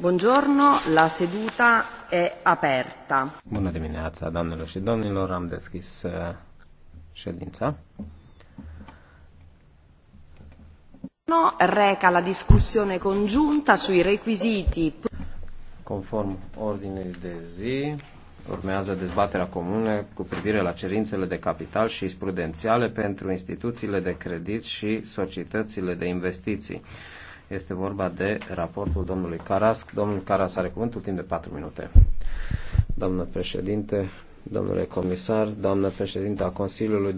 Buongiorno, la seduta aperta. Bună dimineața, doamnelor și domnilor, am deschis uh, ședința. No, reca la discussione congiunta sui requisiti. Conform ordinei de zi, urmează dezbaterea comună cu privire la cerințele de capital și prudențiale pentru instituțiile de credit și societățile de investiții este vorba de raportul domnului Caras. Domnul Caras are cuvântul timp de 4 minute. Doamnă președinte, domnule comisar, doamnă președinte a Consiliului,